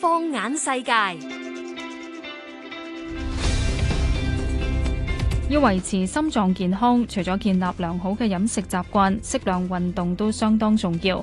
放眼世界，要維持心臟健康，除咗建立良好嘅飲食習慣，適量運動都相當重要。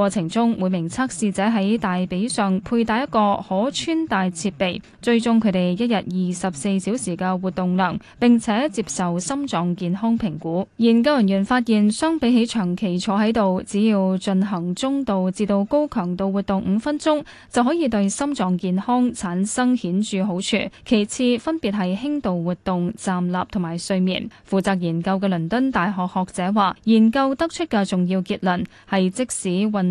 過程中，每名測試者喺大髀上佩戴一個可穿戴設備，追蹤佢哋一日二十四小時嘅活動量，並且接受心臟健康評估。研究人員發現，相比起長期坐喺度，只要進行中度至到高強度活動五分鐘，就可以對心臟健康產生顯著好處。其次，分別係輕度活動、站立同埋睡眠。負責研究嘅倫敦大學學者話，研究得出嘅重要結論係，即使運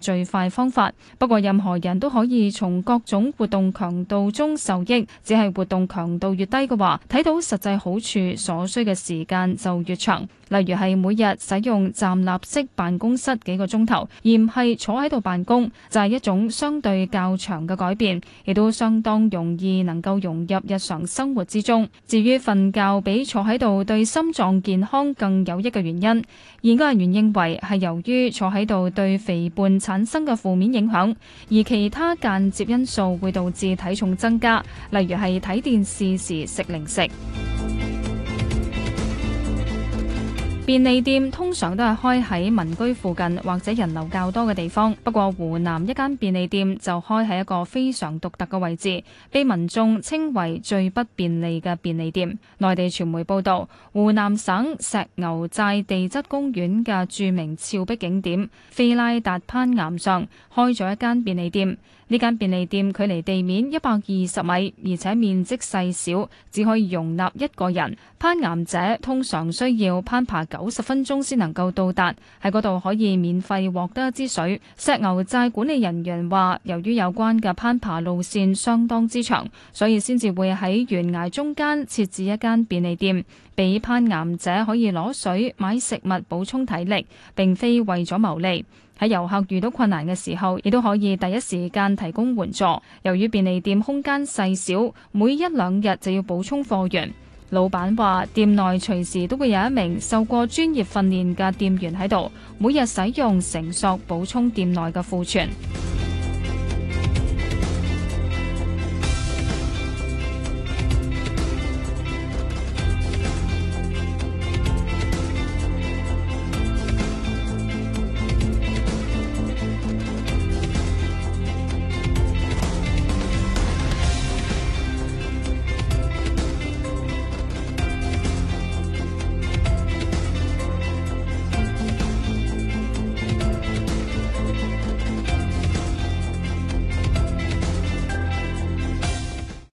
最快方法。不過，任何人都可以從各種活動強度中受益，只係活動強度越低嘅話，睇到實際好處所需嘅時間就越長。例如係每日使用站立式辦公室幾個鐘頭，而唔係坐喺度辦公，就係一種相對較長嘅改變，亦都相當容易能夠融入日常生活之中。至於瞓覺比坐喺度對心臟健康更有益嘅原因，研究人員認為係由於坐喺度對肥胖。產生嘅負面影響，而其他間接因素會導致體重增加，例如係睇電視時食零食。便利店通常都係開喺民居附近或者人流較多嘅地方，不過湖南一間便利店就開喺一個非常獨特嘅位置，被民眾稱為最不便利嘅便利店。內地傳媒報道，湖南省石牛寨地質公園嘅著名峭壁景點菲拉達攀岩上開咗一間便利店。呢間便利店距離地面一百二十米，而且面積細小，只可以容納一個人。攀岩者通常需要攀爬九十分鐘先能夠到達，喺嗰度可以免費獲得一支水。石牛寨管理人員話，由於有關嘅攀爬路線相當之長，所以先至會喺懸崖中間設置一間便利店，俾攀岩者可以攞水買食物補充體力，並非為咗牟利。喺遊客遇到困難嘅時候，亦都可以第一時間提供援助。由於便利店空間細小，每一兩日就要補充貨源。老闆話：店內隨時都會有一名受過專業訓練嘅店員喺度，每日使用繩索補充店內嘅庫存。